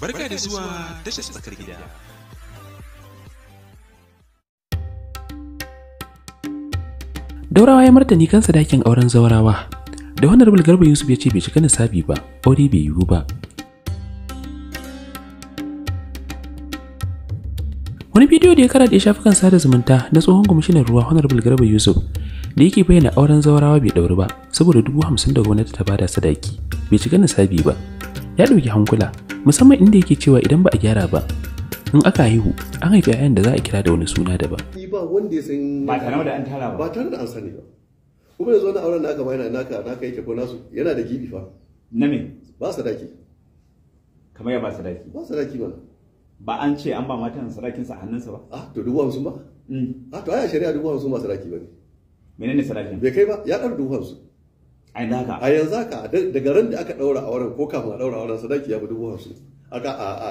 Barka da zuwa tashar tsakar gida. Daurawa ya martani kan sadakin auren zaurawa. Da Honorable Garba Yusuf ya ce bai cika nisabi ba, aure bai yiwu ba. Wani bidiyo da ya karaɗe shafukan sada zumunta na tsohon kwamishinan ruwa Honorable Garba Yusuf da yake bayyana auren zaurawa bai ɗauri ba saboda dubu hamsin da gwamnati ta bada sadaki bai cika nisabi ba. ya ɗauki hankula musamman inda yake cewa idan ba a gyara ba in aka haihu an haifi yayan da za a kira da wani suna da ba wanda ya san ba tare da an tara ba ba tare da an sani ba kuma yanzu wani auren naka ma yana naka naka yake ko nasu yana da gibi fa na me ba sadaki kamar ya ba sadaki ba sadaki ba ba an ce an ba matan sadakin sa hannunsa ba ah to dubu hamsin ba ah to ai shari'a dubu hamsin ba sadaki ba ne menene sadakin bai kai ba ya ɗan dubu hamsin a yanzu haka a yanzu haka daga ran da aka daura auren ko kafin a daura auren sadaki ya fi dubu hamsin aka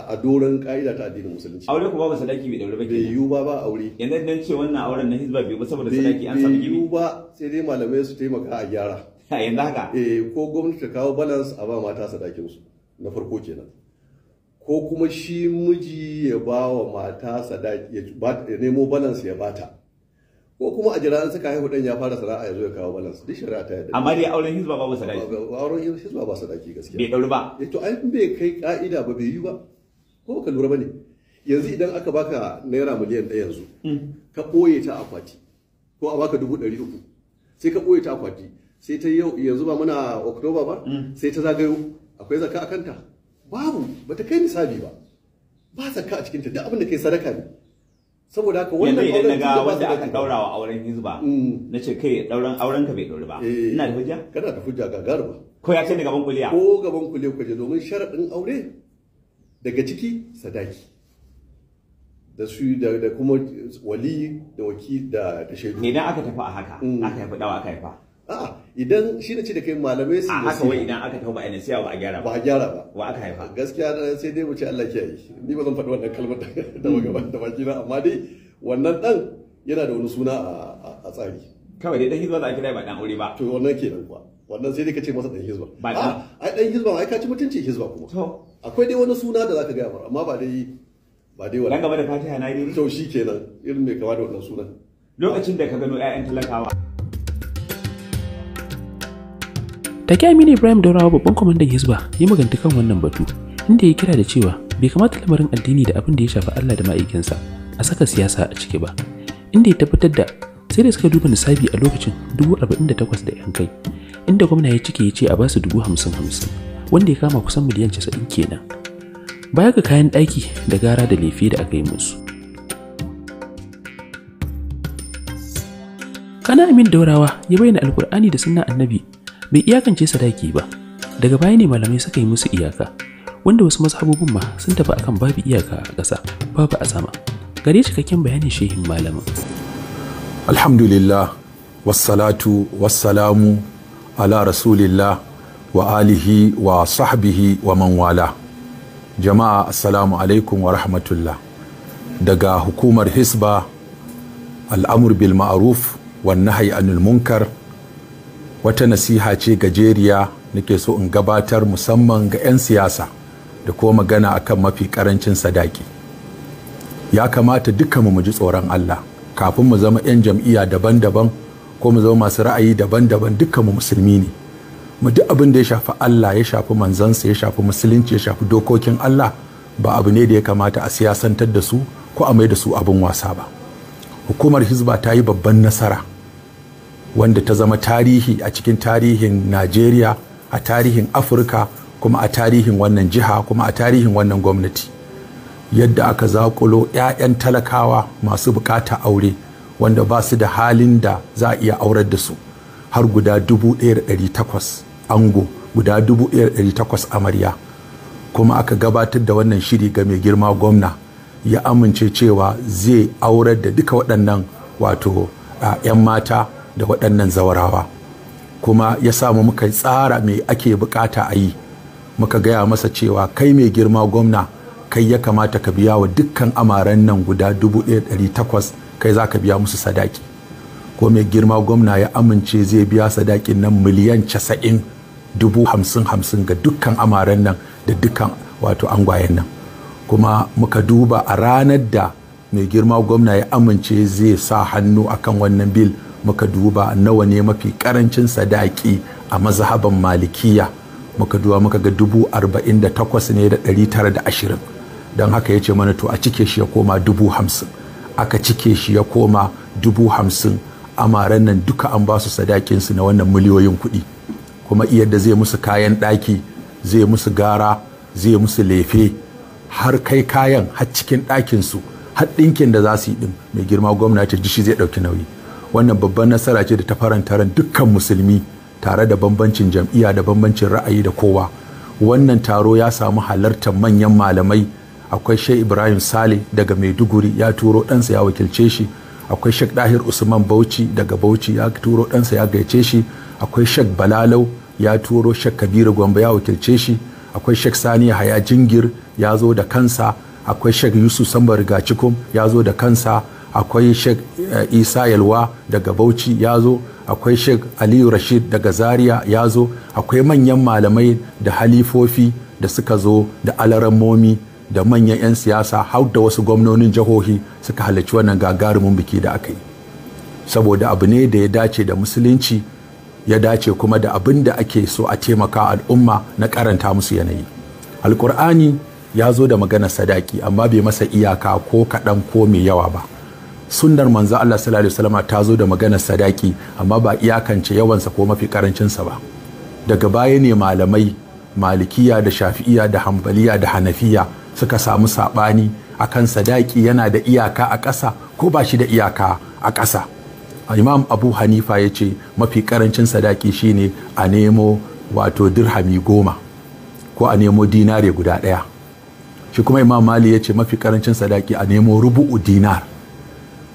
a doron ka'ida ta addinin musulunci aure ku ba sadaki bai daure ba bai yiwu ba ba aure yanzu dan ce wannan auren na hizba bai ba saboda sadaki an samu gibi bai yiwu ba sai dai malamai su taimaka a gyara a yanzu haka eh ko gwamnati ta kawo balance a ba mata sadakin su na farko kenan ko kuma shi miji ya ba wa mata sadaki ya nemo balance ya bata ko kuma a jira suka haihu dan ya fara sana'a ya zo ya kawo balance duk shari'a ta yadda amma dai auren hizba babu sadaki auren hizba ba sadaki gaskiya bai dauri ba eh to ai bai kai ka'ida ba bai yi ba ko ka lura bane yanzu idan aka baka naira miliyan ɗaya yanzu hmm. ka ɓoye ta akwati ko a baka dubu ɗari uku sai ka ɓoye ta akwati sai ta yau yanzu ba muna oktoba ba hmm. sai ta zagayo akwai zakka a kanta babu bata kai misali ba ba zakka a cikinta duk abin da kai sadaka ne saboda haka wannan yanzu idan naga wanda aka daura wa auren hizba mm. na ce kai dauran auren ka bai dauri ba eh. ina da hujja kana da hujja gagarba ko ya ce ni gaban kuliya ko gaban kuliya ku je domin sharadin aure daga ciki sadaki da su da kuma wali da wakil da shaidu idan aka tafi a haka mm. aka yi dawa aka haifa idan shi ne ce da kai malamai su haka wai idan aka tauba ainihin sai ba a gyara ba a gyara ba wa aka haifa gaskiya sai dai mu ce Allah kiyaye ni ba zan faɗi wannan kalmar da magana da baki na amma dai wannan dan yana da wani suna a tsari kawai dai dan hizba da ake dai ba dan aure ba to wannan kenan kuwa wannan sai dai ka ce masa dan hizba ba ai dan hizba ai ka ci mutunci hizba kuma akwai dai wani suna da zaka ga amma ba dai ba dai wannan dan gaba da fatiha na dai to shikenan irin mai kama da wannan sunan lokacin da ka gano ƴaƴan talakawa take aminu ibrahim Daura babban kwamandan hisba ya maganta kan wannan batu inda ya kira da cewa bai kamata lamarin addini da abin da ya shafi allah da ma'aikinsa a saka siyasa a ciki ba inda ya tabbatar da sai da suka duba nisabi a lokacin dubu arba'in da takwas da yan kai inda gwamna ya cike ya ce a basu dubu hamsin hamsin wanda ya kama kusan miliyan casa'in kenan baya ga kayan ɗaki da gara da lefe da aka yi musu kana amin daurawa ya bayyana alkur'ani da sunna annabi bai iyakance sadaki ba daga baya ne malamai suka yi musu iyaka wanda wasu mazhabobin ma sun tafi akan babu iyaka a ƙasa babu a sama gare cikakken bayanin shehin malamin alhamdulillah wassalatu wassalamu ala rasulillah wa alihi wa sahbihi wa man wala jama'a assalamu alaikum wa rahmatullah daga hukumar hisba al'amur bil ma'aruf wa nahyi anil munkar wata nasiha ce gajeriya nake so in gabatar musamman ga 'yan siyasa da kuma magana akan mafi karancin sadaki ya kamata dukkan mu ji tsoron Allah kafin mu zama 'yan jam'iyya daban-daban ko mu zama masu ra'ayi daban-daban duka mu musulmi ne mu duk abin da ya shafi Allah ya shafi manzansa ya shafi musulunci ya shafi dokokin Allah ba abu ne da ya kamata a siyasantar da su ko a mai da su abin wasa ba hukumar hizba ta yi babban nasara wanda ta zama tarihi a cikin tarihin najeriya a tarihin afirka kuma a tarihin wannan jiha kuma a tarihin wannan gwamnati yadda aka zakulo 'ya'yan talakawa masu bukata aure wanda ba su da halin da za a iya aurar da su har guda 1,800 ango guda 1,800 amarya kuma aka gabatar da wannan shiri ga mai girma gwamna ya amince cewa zai aurar da duka waɗannan wato 'yan mata da waɗannan zawarawa kuma ya samu muka tsara me ake bukata a yi muka gaya masa cewa kai mai girma gwamna kai ya kamata ka biya wa dukkan amaren nan guda 1,800 kai za ka biya musu sadaki ko mai girma gwamna ya amince zai biya sadakin nan miliyan casa'in dubu hamsin hamsin ga dukkan amaren nan da dukkan wato angwayen nan kuma muka duba a ranar da mai girma gwamna ya amince zai sa hannu akan wannan bil muka duba nawa ne mafi karancin sadaki a mazhaban malikiya muka duba muka ga dubu arba'in da takwas ne da ɗari tara da ashirin don haka ya ce mana to a cike shi ya koma dubu hamsin aka cike shi ya koma dubu hamsin amaren nan duka an ba su sadakinsu na wannan miliyoyin kuɗi kuma iya da zai musu kayan ɗaki zai musu gara zai musu lefe har kai kayan har cikin ɗakinsu har ɗinkin da za su yi ɗin mai girma gwamnati shi zai ɗauki nauyi wannan babban nasara ce da ta faranta ran dukkan musulmi tare da bambancin jam'iyya da bambancin ra'ayi da kowa wannan taro ya samu halartar manyan malamai akwai shai ibrahim sale daga maiduguri ya turo ɗansa ya wakilce shi akwai shek dahir usman bauchi daga bauchi ya turo ɗansa ya gaice shi akwai shek balalau ya turo shek kabiru gombe ya wakilce shi akwai shek sani haya jingir ya zo da kansa akwai shek yusuf sambar gacikum ya zo da kansa akwai sheikh eh, isa yalwa daga bauchi ya zo akwai sheikh aliyu rashid daga zaria ya zo akwai manyan malamai da halifofi da suka zo da momi da manyan 'yan siyasa har da wasu gwamnonin jihohi suka halarci wannan gagarumin biki da aka yi saboda abu ne da ya dace da musulunci ya dace kuma da abin da ake so a taimaka al'umma na karanta musu yanayi alkur'ani ya zo da magana sadaki amma bai masa iyaka ko kaɗan ko mai yawa ba sunnar manzo Allah sallallahu alaihi wasallam ta zo da maganar sadaki amma ba iyakance yawansa ko mafi karancinsa ba daga baya ne malamai malikiya da shafi'iya da hambaliya da hanafiya suka samu sabani akan sadaki yana da iyaka a ƙasa ko ba shi da iyaka a ƙasa imam abu hanifa ya ce mafi karancin sadaki shine a nemo wato dirhami goma ko a nemo dinari guda ɗaya shi kuma imam mali ya ce mafi karancin sadaki a nemo rubu'u dinar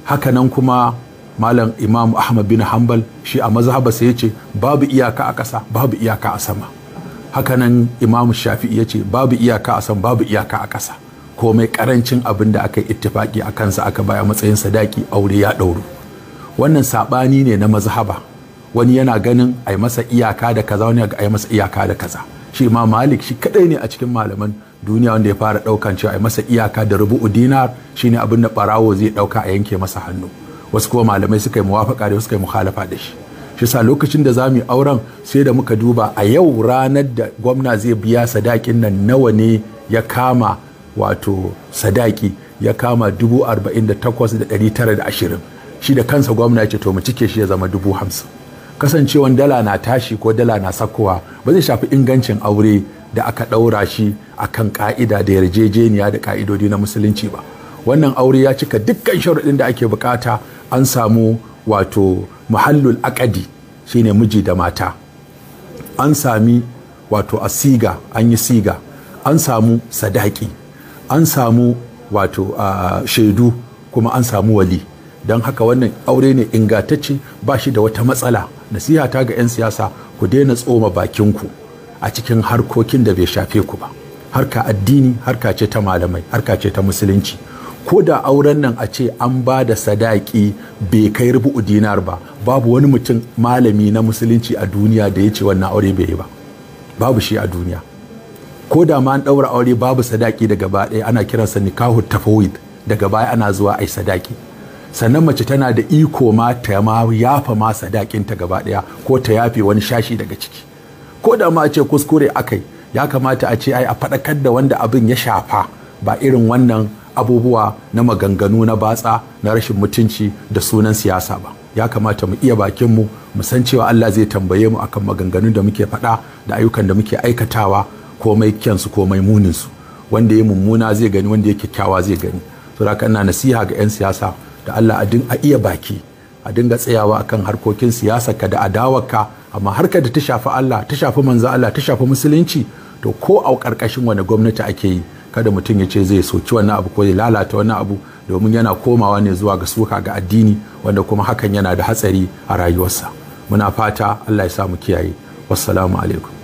hakanan kuma malam imam ahmad bin hanbal shi a mazhaba sai yace babu iyaka a ƙasa babu iyaka a sama hakanan imam shafi'i yace babu iyaka a sama babu iyaka a ƙasa komai karancin abin da aka yi ittifaki a kansa aka baya matsayin sadaki aure ya ɗauro wannan saɓani ne na mazhaba wani yana ganin a masa iyaka da kaza wani ga yi masa iyaka da kaza shi ma malik shi kadai ne a cikin malaman duniya wanda ya fara daukan cewa a masa iyaka da rubu'u dinar shine abin da barawo zai ɗauka a yanke masa hannu wasu kuma malamai suka yi muwafaka da wasu suka yi mukhalafa da shi shi sa lokacin da za mu yi auren sai da muka duba a yau ranar da gwamna zai biya sadakin nan nawa ne ya kama wato sadaki ya kama dubu arba'in da takwas da ɗari tara da ashirin shi da kansa gwamna ya ce to mu cike shi ya zama dubu hamsin kasancewan dala na tashi ko dala na sakowa ba zai shafi ingancin aure da aka ɗaura shi a kan ƙa'ida da yarjejeniya da ƙa'idodi na musulunci ba wannan aure ya cika dukkan sharuɗin da ake bukata an samu wato muhallul akadi shine miji da mata an sami wato a siga an yi siga an samu sadaki an samu wato shaidu kuma an samu wali don haka wannan aure ne ingantacce ba shi da wata matsala nasiha ta ga 'yan siyasa ku daina tsoma bakinku a cikin harkokin da bai shafe ku ba harka addini harka ce ta malamai harka ce ta musulunci ko da auren nan a ce an ba da sadaki bai kai rubu dinar ba babu wani mutum malami na musulunci a duniya da ya ce wannan aure bai yi ba babu shi a duniya ko da ma an ɗaura aure babu sadaki daga ɗaya ana kiransa nikahu tafawid daga baya ana zuwa ai sadaki sannan mace tana da iko ma ta ma yafa ma ta gaba ɗaya ko ta yafe wani shashi daga ciki ko da ma a ce kuskure akai ya kamata a ce ai a faɗakar da wanda abin ya shafa ba irin wannan abubuwa na maganganu na batsa na rashin mutunci da sunan siyasa ba ya kamata mu iya bakinmu mu san cewa Allah zai tambaye mu akan maganganun da muke faɗa da ayyukan da muke aikatawa komai kyansu komai muninsu wanda ya mummuna zai gani wanda ya kyakkyawa zai gani saboda haka ina nasiha ga 'yan siyasa da Allah a iya baki a dinga tsayawa akan harkokin siyasa ka da adawarka amma harkar da ta shafi Allah ta shafi manzo Allah ta shafi musulunci to ko a karkashin wani gwamnati ake yi kada mutum ya ce zai soci wannan abu ko ya lalata wannan abu domin yana komawa ne zuwa ga suka ga addini wanda kuma hakan yana da hatsari a rayuwarsa muna fata Allah ya sa mu kiyaye wassalamu alaikum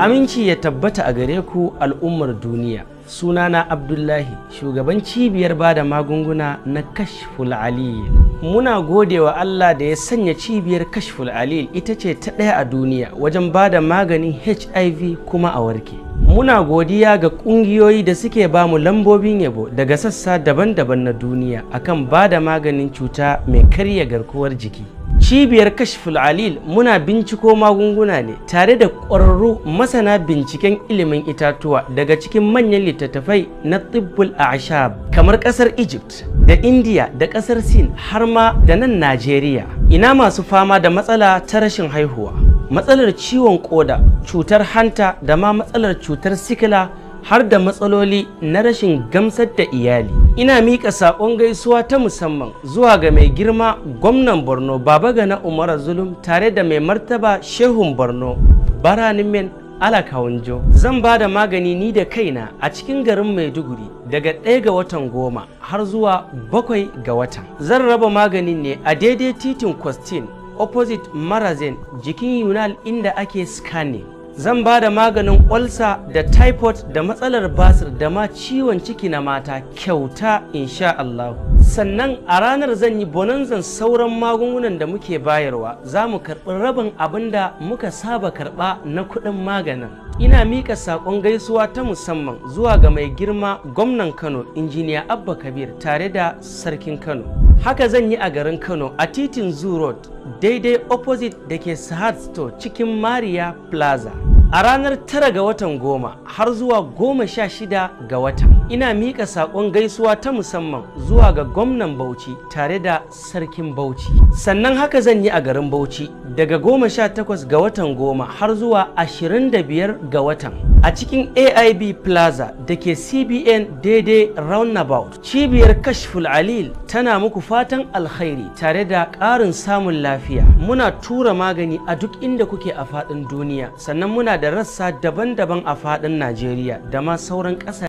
Aminci ya tabbata a gare ku al'ummar duniya. Sunana Abdullahi, shugaban cibiyar bada magunguna na Kashful Alil. Muna gode wa Allah da ya sanya cibiyar Kashful Alil ita ce ta ɗaya a duniya wajen ba da maganin HIV kuma a warke. Muna godiya ga ƙungiyoyi da suke ba mu lambobin yabo daga sassa daban-daban na duniya akan ba da maganin cuta mai karya garkuwar jiki. cibiyar kashful alil muna binciko magunguna ne tare da ƙwararru masana binciken ilimin itatuwa daga cikin manyan littattafai na tibbul ashab kamar ƙasar egypt da india da ƙasar sin har ma da nan najeriya ina masu fama da matsala ta rashin haihuwa matsalar ciwon ƙoda, cutar hanta da ma matsalar cutar sikila har da matsaloli na rashin gamsar da iyali ina miƙa saƙon gaisuwa ta musamman zuwa ga mai girma gwamnan borno baba gana umar zulum tare da mai martaba shehun borno baranin men alakawunjo zan ba da magani ni da kaina a cikin garin maiduguri daga ɗaya ga watan goma har zuwa bakwai ga watan zan raba maganin ne a daidai titin kwastin opposite marazin jikin yunal inda ake scanning zan ba da maganin kwalsa da typhoid da matsalar basir da ma ciwon ciki na mata kyauta insha Allah sannan a ranar zan yi bonanzan sauran magungunan da muke bayarwa za mu karɓi rabin abin da muka saba karɓa na kuɗin maganin ina mika saƙon gaisuwa ta musamman zuwa ga mai girma gwamnan kano injiniya abba kabir tare da sarkin kano haka zan yi a garin kano a titin zoo road daidai opposite da ke sahad store cikin maria plaza a ranar tara ga watan goma har zuwa goma sha shida ga watan ina miƙa saƙon gaisuwa ta musamman zuwa ga gwamnan bauchi tare da sarkin bauchi sannan haka zan yi a garin bauchi daga goma sha takwas ga watan goma har zuwa ashirin da biyar ga watan a cikin aib plaza da ke cbn daidai roundabout cibiyar kashful alil tana muku fatan alkhairi tare da ƙarin samun lafiya muna tura magani a duk inda kuke a faɗin duniya sannan muna da da rassa daban-daban a faɗin Najeriya da ma sauran ƙasashe.